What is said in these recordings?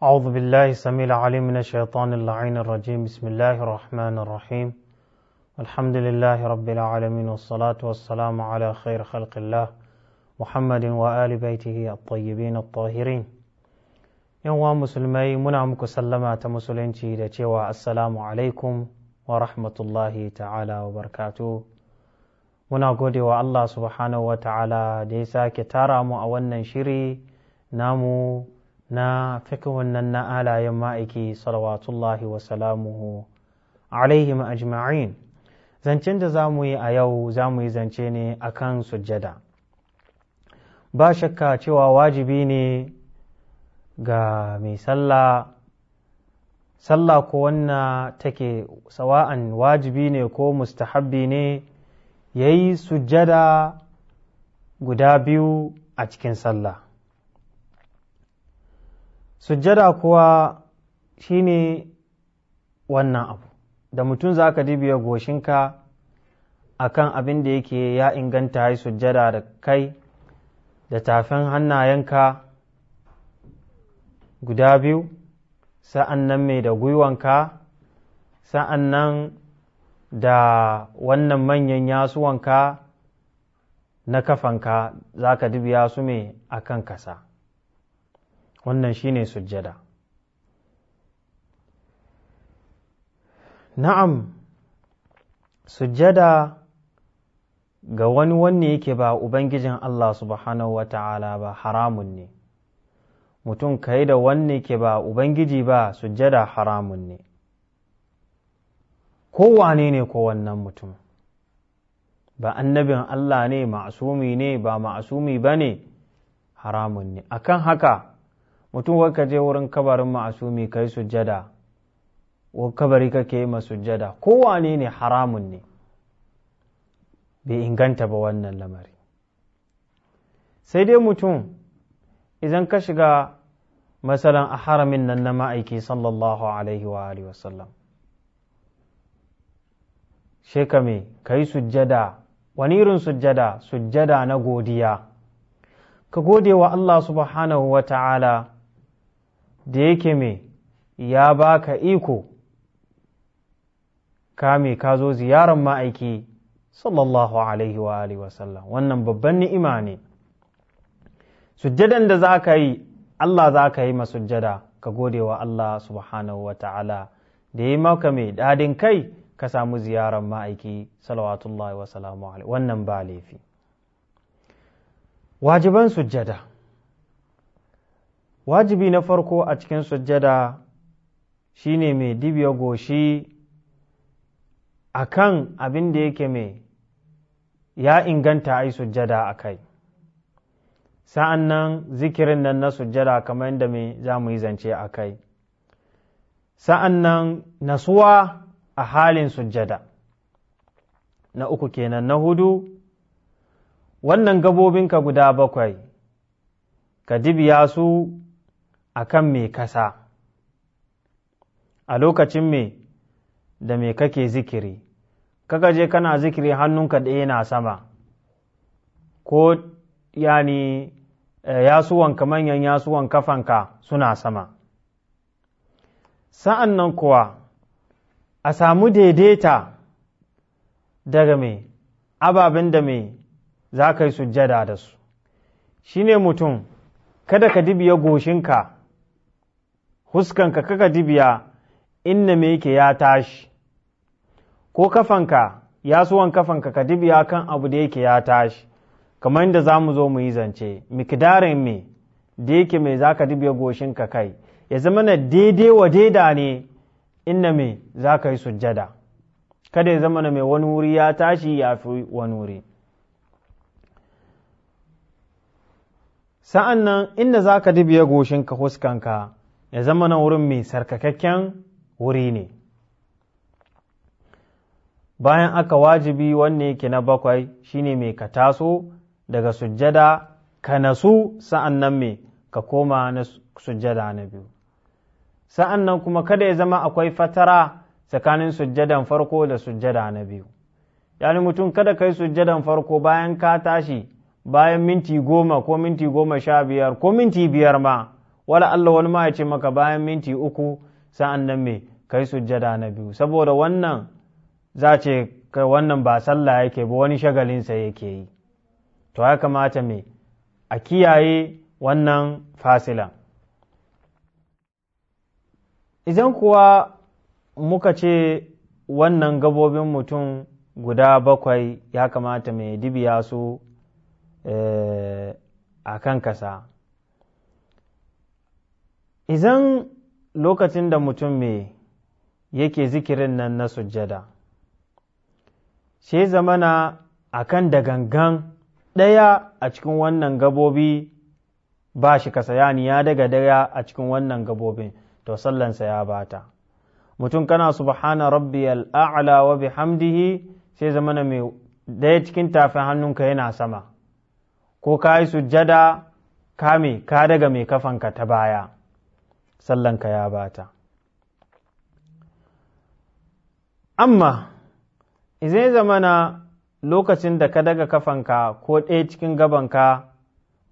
أعوذ بالله السميع العليم من الشيطان اللعين الرجيم بسم الله الرحمن الرحيم الحمد لله رب العالمين والصلاة والسلام على خير خلق الله محمد وآل بيته الطيبين الطاهرين يوم مسلمي منا muku sallama ta musulunci da cewa assalamu alaikum wa rahmatullahi ta'ala wa barkatu muna gode wa Allah subhanahu wa ta'ala da ya sake tara mu a wannan shiri namu na fikin wannan na alayen ma'aiki salawatullahi wa salamuhu alaihim ajma'in zancen da za mu yi a yau za mu yi zance ne kan sujjada ba shakka cewa wajibi ne ga mai sallah sallah ko wannan take sawa'an wajibi ne ko mustahabbi ne ya yi sujjada guda biyu a cikin sallah sujjada kuwa shine wannan abu da mutum za ka dibiya goshinka a kan abin da yake ya inganta ya sujjada da kai da tafin hannayenka guda biyu sa'an nan mai da gwiwanka sa'an nan da wannan manyan yasuwanka na kafanka za ka dibiya su mai a kan kasa wannan shi ne sujjada na'am sujjada ga wani wanne yake ba ubangijin Allah subhanahu wa ta'ala ba haramun ne mutum ka yi da wanne ke ba ubangiji ba sujjada haramun ne kowane ne ko wannan mutum ba annabin Allah ne ma'asumi ne ba ma'asumi ba ne haramun ne akan haka mutum wai ka je wurin kabarin ma'asumi kai sujjada wa kabari kake yi sujada? kowane ne haramun ne bai inganta ba wannan lamari sai dai mutum idan ka shiga masalan a haramin nan na ma'aiki sallallahu alaihi wa alihi wasallam mai ka yi sujjada wani irin sujjada sujjada na godiya ka gode wa Allah subhanahu wa ta'ala da yake me ya baka iko kame ka zo ziyarar ma'aiki sallallahu alaihi wa alihi wasallam wannan babban ni'ima ne sujjadan da za ka yi Allah za ka yi masujjada ka gode wa Allah subhanahu wa ta'ala da yi maka mai dadin kai ka samu ziyarar ma'aiki salawatullahi wa wannan ba laifi wajiban sujjada wajibi na farko a cikin sujjada shine mai dibiya goshi a kan abin da yake mai ya inganta a yi sujjada a kai sa'an nan zikirin nan na sujjada kamar yadda mai za mu yi zance a kai sa'an nan nasuwa a halin sujjada na uku kenan na hudu wannan gabobinka guda bakwai ka dibiya su a kan me kasa a lokacin me da me kake zikiri kaka je kana zikiri hannunka ɗaya na sama ko yani eh, yasuwanka manyan yasuwan kafanka suna sama sa'an nan kuwa a samu daidaita daga me ababen da mai za ka yi sujjada da su shi ne mutum kada ka dibiya goshinka huskanka kaka dibiya inna me yake ya tashi ko kafanka ya suwan kafanka ka dibiya kan abu da yake ya tashi kamar inda za mu zo mu yi zance mikidarin me da yake mai za ka dibiya goshinka kai ya zama na daidai wa daida ne inna me za ka yi sujjada kada ya zama na mai wani wuri ya tashi ya fi wani wuri sa'an nan inda za ka dibiya goshinka huskanka ya zama na wurin mai sarkakakken wuri ne bayan aka wajibi wanne yake na bakwai shine mai ka taso daga sujjada ka nasu sa'an nan mai ka koma na sujjada na biyu sa'an nan kuma kada ya zama akwai fatara tsakanin sujjadan farko da sujjada na biyu yani mutum kada ka yi sujjadan farko bayan ka tashi bayan minti goma ko minti goma sha biyar ko minti biyar ma wala Allah wani ma ce maka bayan minti uku sa'an nan me kai sujjada na biyu saboda wannan za ce kai wannan ba sallah yake ba wani shagalinsa yake yi to ya kamata me a kiyaye wannan fasila idan kuwa muka ce wannan gabobin mutum guda bakwai ya kamata mai dibiya su eh, a kan kasa Izan lokacin da mutum mai yake zikirin nan na sujjada sai zamana a kan da gangan ɗaya a cikin wannan gabobi ba shi saya yani ya daga daya a cikin wannan gabobin to sallansa ya bata mutum kana subhana rabbi al’a’ala wa hamdihi sai zamana mai daya cikin tafin hannunka yana sama ko ka yi sujjada ka ka daga mai kafanka ta baya sallanka ya bata amma izai zamana lokacin da ka daga kafanka ko ɗaya cikin gabanka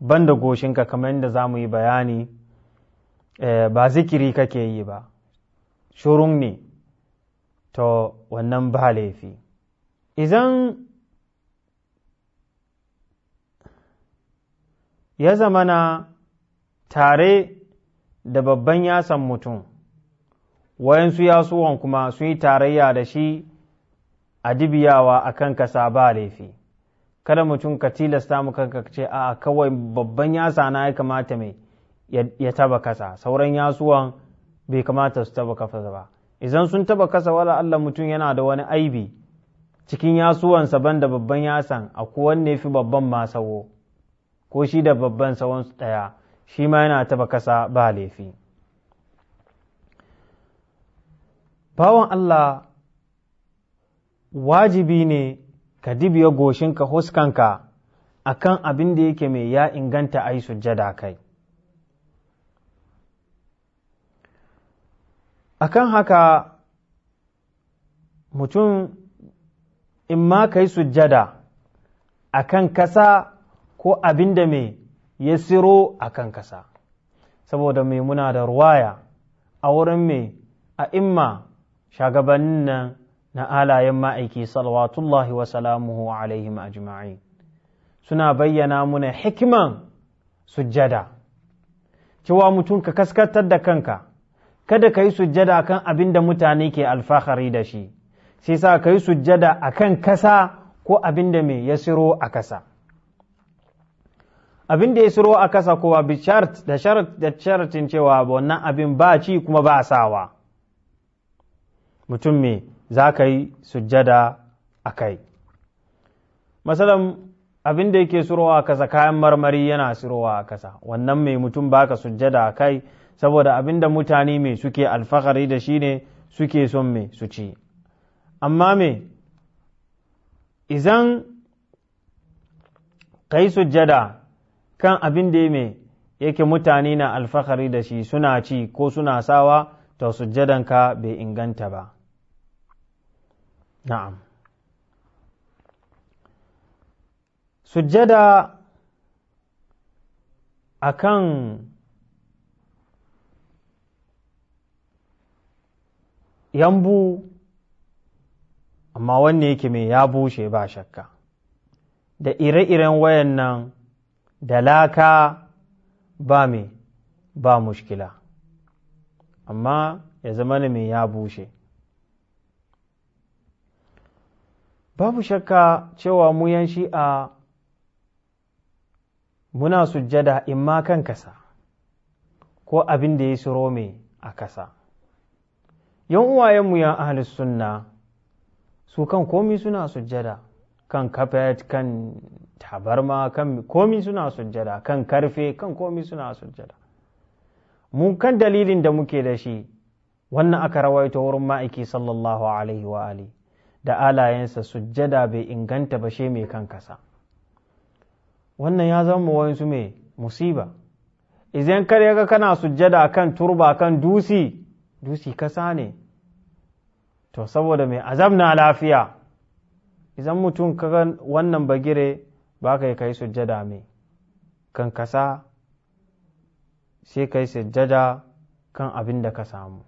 ban da goshinka kamar yadda za mu yi bayani eh, ba zikiri kake yi ba shurun ne to wannan ba laifi idan ya zamana tare da babban yasan mutum wayansu yasuwan kuma su yi tarayya da shi a dibiyawa a kan kasa ba laifi kada mutum ka tilasta mu kanka ce a kawai babban yasa na ya kamata mai ya taba kasa sauran yasuwan bai kamata su taba kasa ba izan sun taba kasa wala Allah mutum yana da wani aibi cikin yasuwansa ban da babban yasan a wanne fi babban ma sawo ko shi da babban sawon ɗaya shi ma yana taba kasa ba laifi bawan Allah wajibi ne ka dibiya goshinka huskanka a kan abin da yake mai ya inganta a yi sujjada kai a kan haka mutum in ma ka yi sujjada a kan kasa ko abin da mai ya siro a kan kasa saboda mai muna da ruwaya a wurin mai a imma shagabannin nan na alayen ma'aiki salawatullahi wa salamuhu alaihim ajma'in suna bayyana muna hikiman sujjada cewa mutum ka kaskatar da kanka kada ka yi sujjada kan abin da mutane ke alfahari da shi sai sa ka yi sujjada a kan kasa ko abin da mai ya siro a kasa abin da ya siro a kasa kowa bi chart da da shartin cewa wannan abin ba ci kuma ba sawa mutum me za ka yi sujjada a kai masalan abin da yake surowa a kasa kayan marmari yana surowa a kasa wannan mai mutum baka sujjada a kai saboda abin da mutane mai suke alfahari da shi ne suke son mai su ci amma me izan ka yi sujjada kan abin da ya yake mutane na alfahari da shi suna ci ko suna sawa to sujjadanka bai inganta ba na'am sujjada a kan yambu amma wanne yake mai ya bushe ba shakka da ire-iren wayan nan da laka ba me ba mushkila amma ya zama ne mai ya bushe babu shakka cewa mu yan shi'a muna sujjada in ma kan kasa ko abin da ya suro me a kasa yan uwayenmu yan ahalus sunna su kan komi suna sujjada kan kafet kan tabarma kan komi suna sujjada kan karfe kan komi suna sujjada mu kan dalilin da muke da shi wannan aka rawaito wurin ma'aiki sallallahu alaihi wa ali da alayensa sujjada bai inganta ba she mai kan kasa wannan ya zama wayansu mai musiba Izan kar ya ga kana sujjada kan turba kan dusi dusi kasa ne to saboda mai azab na lafiya idan mutum kaga wannan bagire ba ka yi kai sujjada mai kan kasa sai kai sujjada kan abin da ka samu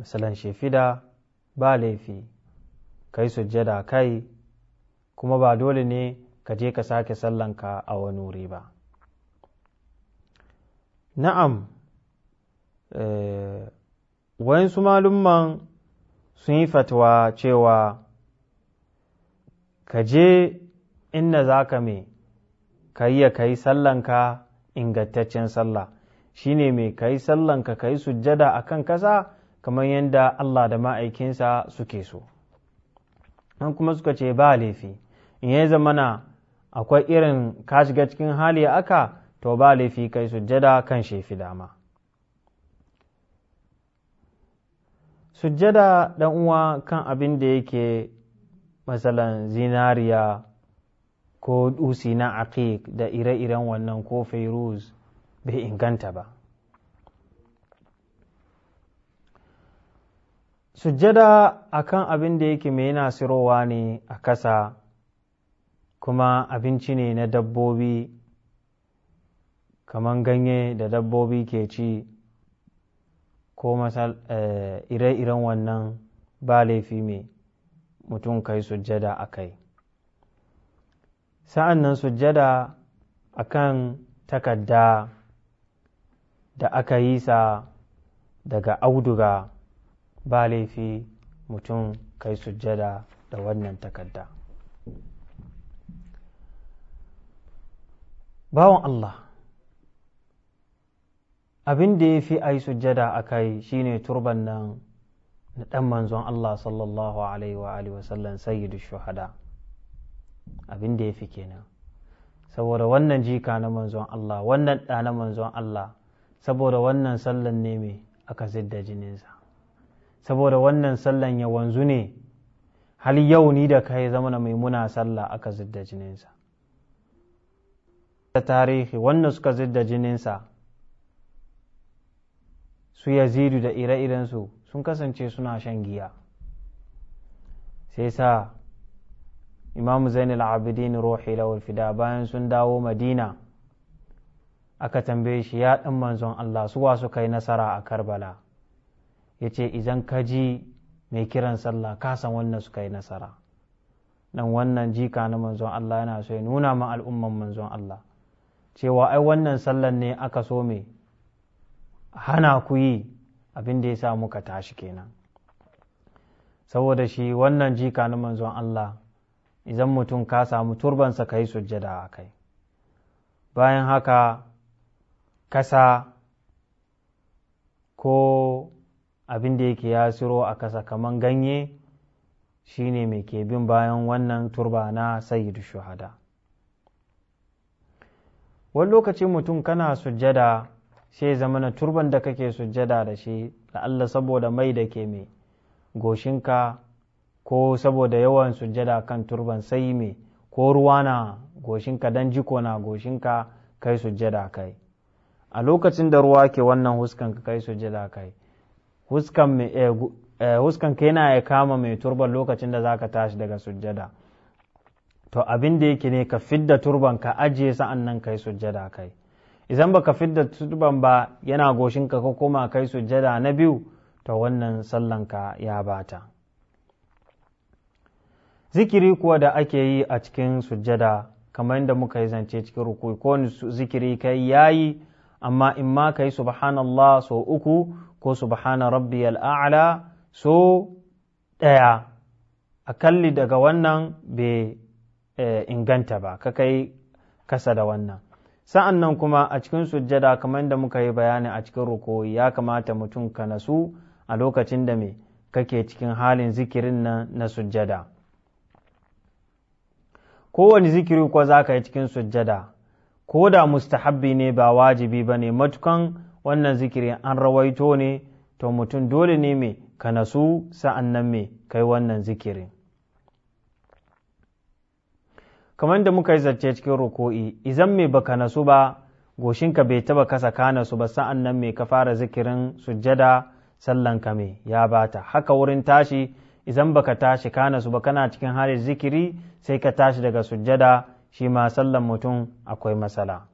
misalan shefida ba laifi kai sujjada kai kuma ba dole ne ka je ka sake sallanka a wani wuri ba na'am eh, wayansu malumman sun yi fatwa cewa ka je inda za ka me ka iya ka yi sallanka ingantaccen sallah shine mai ka yi sallanka ka yi sujjada a kan kasa kamar yadda Allah da ma'aikinsa suke so an kuma suka ce ba laifi in ya zamana akwai irin ka shiga cikin hali aka to ba laifi ka yi sujjada kan shefi dama sujjada ɗan uwa kan abin da yake matsalan zinariya ko dusi na aqiq da ire-iren wannan ko fairuz bai inganta ba sujjada a kan abin da yake mai nasirowa ne a kasa kuma abinci ne na dabbobi kamar ganye da dabbobi ke ci ko eh, ire-iren wannan ba laifi mai mutum kai sujjada a kai sa'an nan sujjada a kan takarda da aka yi sa daga auduga ba laifi mutum kai sujjada da wannan takarda bawan Allah abin da ya fi a yi sujjada a kai shi ne turban nan na ɗan manzon Allah sallallahu alaihi wa wasallam sayyidu shuhada abin da ya fi kenan saboda wannan jika na manzon Allah wannan ɗa na manzon Allah saboda wannan sallan ne mai aka zidda jininsa saboda wannan sallan ya wanzu ne hal yau ni da kai zama na maimuna sallah aka zidda jininsa ta tarihi wannan suka zidda jininsa su yazidu da ire su sun kasance suna shan giya sai sa imam zainul abidin ruhi lawal fida bayan sun dawo madina aka tambaye shi ya ɗin manzon Allah suwa su kai nasara a karbala yace idan ka ji mai kiran sallah ka san wannan su kai nasara nan wannan jika na manzon Allah yana so ya nuna ma al'umman manzon Allah cewa ai wannan sallan ne aka so me hana ku yi abin da ya sa muka tashi kenan saboda shi wannan jika na manzon Allah idan mutum ka samu turbansa ka yi sujjada a kai bayan haka kasa ko abin da yake ya siro a kasa kamar ganye shine mai ke bin bayan wannan turba na sayyidu shuhada wani lokacin mutum kana sujjada sai zama na turban da kake sujjada da shi da Allah saboda mai da ke mai goshinka ko saboda yawan sujjada kan turban sai mai ko ruwa na goshinka don jiko na goshinka kai sujjada kai a lokacin da ruwa ke wannan huskan ka kai sujjada kai huskan eh, eh, ka yana ya kama mai turban lokacin da zaka tashi daga sujjada to abin da yake ne ka fidda turban ka ajiye sa'an nan kai sujjada kai idan baka fidda tudban ba yana goshinka ka koma kai sujjada na biyu ta wannan sallanka ya bata zikiri kuwa da ake yi a cikin sujjada kamar yadda muka yi zance cikin rukui ko zikiri kai yayi amma in ma kai subhanallah so uku ko subhana rabbiyal a'la so ɗaya akalli daga wannan bai eh, inganta ba ka kai kasa da wannan sa'an nan kuma a cikin sujjada kamar da muka yi bayani a cikin rukoyi ya kamata mutum ka nasu a lokacin da me kake cikin halin zikirin nan na sujjada kowane zikiri ko za ka yi cikin sujjada ko da mustahabbi ne ba wajibi ba ne matukan wannan zikiri an rawaito ne to mutum dole ne me ka nasu sa'an nan me kai wannan zikirin kamar da muka yi zarce cikin ruku'i izan mai baka nasu ba goshinka bai taba kasa kana su ba sa'an nan mai ka fara zikirin sujjada sallan ka mai ya bata haka wurin tashi izan baka tashi kana su ba kana cikin halin zikiri sai ka tashi daga sujjada shi ma sallan mutum akwai matsala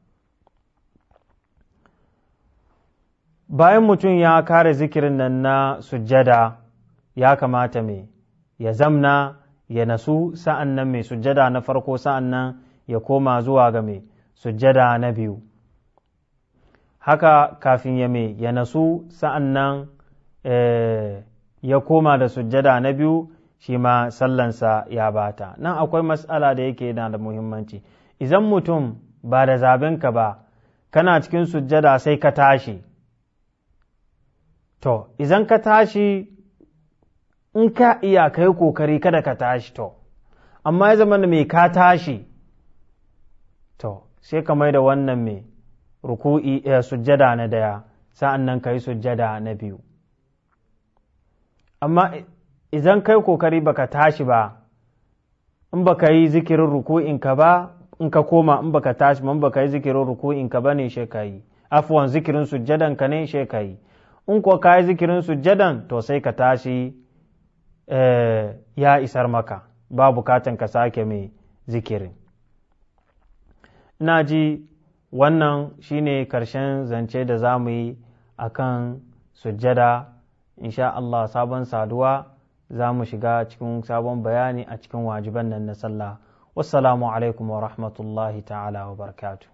bayan mutum ya kare zikirin nan na sujjada ya kamata mai ya zamna ya nasu sa'an nan mai sujada na farko sa'an nan ya koma zuwa ga mai sujjada na biyu haka kafin ya mai ya nasu sa'an nan eh, ya koma da sujjada na biyu shi ma sallansa ya bata nan akwai matsala da yake yana da muhimmanci izan mutum ba da ka ba kana cikin sujjada sai ka tashi to izan ka tashi in ka iya kai kokari kada ka tashi to amma ya zama mai ka tashi to sai ka mai da wannan mai ruku'i ya eh, sujjada na daya sa'an nan ka yi sujjada na biyu amma idan kai kokari baka tashi ba in baka yi zikirin ruku'inka ba in ka koma in baka tashi ba, in baka yi zikirin ruku'inka ba ne ka yi afuwan zikirin sujjadan ka ne ka yi in kuwa ka yi zikirin sujjadan to sai ka tashi Eh, ya isar maka ba bukatan ka sake mai zikirin ina ji wannan shine karshen zance da za mu yi a kan sujjada insha Allah sabon saduwa za mu shiga cikin sabon bayani a cikin wajiban nan na sallah wassalamu alaikum wa rahmatullahi ta'ala wa barakatu